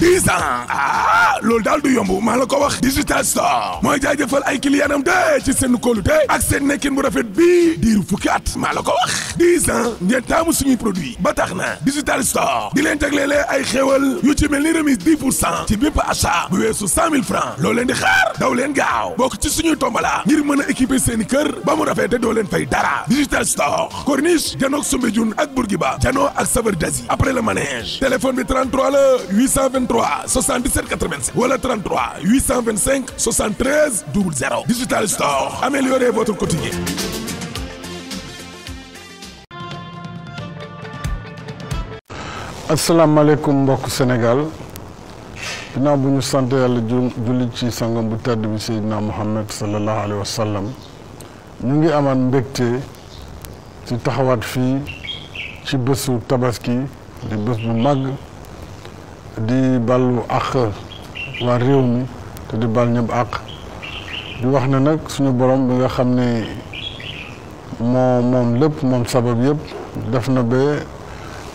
dix ans ah daal du yomb maa la ko wax digital store mooy jaajëfal ay clientam de ci seen kóolute ak seen nekkin bu rafet bii diiru fukki at maa la ko wax dix ans ngeen taamu suñuy produit ba tax na digital store di leen jagleele ay xéewal yu ci mel ni remise dix pour cent ci bépp achat bu weesu cent mille francs loo leen di xaar daw leen gaaw bokk ci suñuy tombala ngir mën a équiper seen i kër ba mu rafet te doo leen fay dara digital store corniche janook Soumbédioune ak Bourguiba janoo ak Saveur d'Asie après 33 77 87 wala 33 825 73 00 Digital Store améliorez votre quotidien. asalaamaaleykum mbokk Sénégal dinaa bu ñu sant yàlla julli ci sangam bu tedd bi Seydina Muhammad sallallahu alayhi wa sallam ñu ngi amaat mbégte ci taxawaat fii ci bésu tabaski di bés bu màgg. di ballu àq waa réew mi te di bal ñëpp àq di wax na nag suñu borom bi nga xam ne moo moom lépp moom sabab yépp def na ba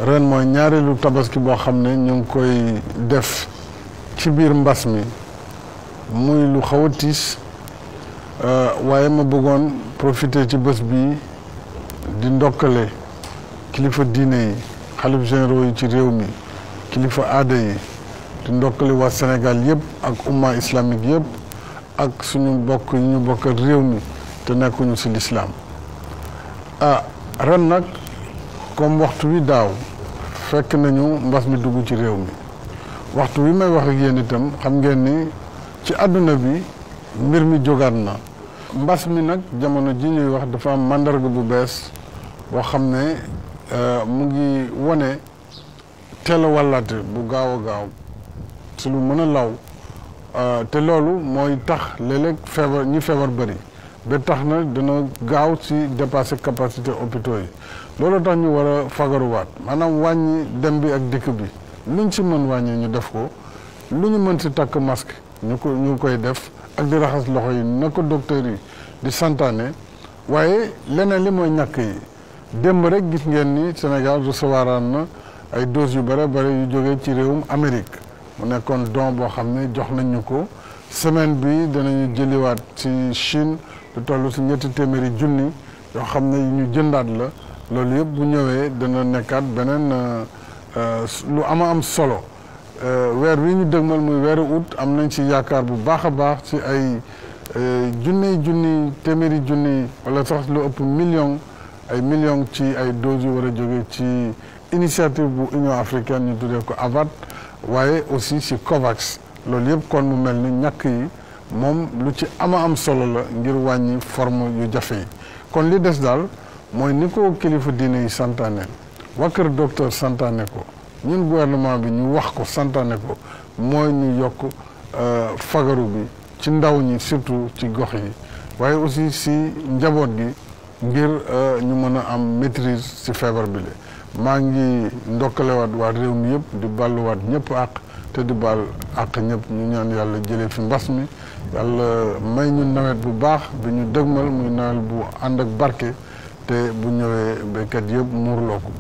ren mooy ñaareelu tabaski boo xam ne ñu ngi koy def ci biir mbas mi muy lu xaw a tiis euh, waaye ma bëggoon profiter ci bés bi di ndokkale kilifa diine yi xalif généraux yi ci réew mi kilifa aada yi di ndokkali waa Sénégal yëpp ak umma islamique yëpp ak suñu bokk yi ñu bokk réew mi te nekkuñu ci lislaam ah ren nag comme waxtu wi daaw fekk nañu mbas mi dugg ci réew mi waxtu wi may wax ak yéen itam xam ngeen ni ci àdduna bi mbir mi jógaat na mbas mi nag jamono ji ñuy wax dafa am màndarga bu bees boo xam ne euh, mu ngi wone teel a bu gaaw a gaaw si lu mën a law euh, te loolu mooy tax léeg feebar ñi feebar bëri ba tax na dina gaaw si dépasser capacité hôpitaux yi loolu tax ñu war a fagaruwaat maanaam wàññi dem bi ak dikk bi luñ si mën wàññi ñu def ko lu ñu mën si takk masque ñu ko ñu koy def ak di raxas loxo yi na ko docteur yi di santaane waaye leneen li mooy ñàkk yi démb rek gis ngeen ni Sénégal recevoir na. ay doses yu bare bare yu jóge ci réewum Amérique mu nekkoon don boo xam ne jox nañ ñu ko semaine bi danañu jëliwaat ci Chine lu toll si ñetti téeméeri junni yoo xam ne ñu jëndaat la loolu yëpp bu ñëwee dana nekkaat beneen euh, lu ama am solo euh, weer wi ñu dëgmal muy weeru août am nañ si yaakaar bu baax a baax ci ay euh, junney junni téeméeri junni wala sax lu ëpp million ay million ci ay doses yu war a jóge ci initiative bu union africaine ñu tuddee ko AVAD waaye aussi si COVAX loolu yëpp kon mu mel ni ñàkk yi moom lu ci ama am solo la ngir wàññi forme yu jafe yi kon li des daal mooy ni ko kilifa diine yi santaane waa kër docteur santaane ko ñun gouvernement bi ñu wax ko santaane ko mooy ñu yokk euh, fagaru bi ci ndaw ñi surtout ci gox yi waaye aussi si njaboot gi ngir euh, ñu mën a am maîtrise si feebar bi la maa ngi ndokkalewaat waa réew mi yëpp di balluwaat ñëpp àq te di baal àq ñëpp ñu ñaan yàlla jëlee fi mbas mi yàlla may ñu nawet bu baax bi ñu dëgmal muy nawet bu ànd ak barke te bu ñëwee béykat yëpp muurloo ko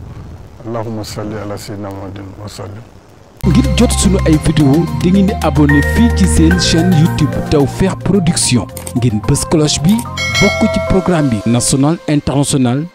allahumma salli ala sayyidina muhammadin wa sallim ngir jot sunu ay vidéo di ngeen di abonné fii ci seen chaîne YouTube feex Production ngeen bës cloche bi bokk ci programme bi national international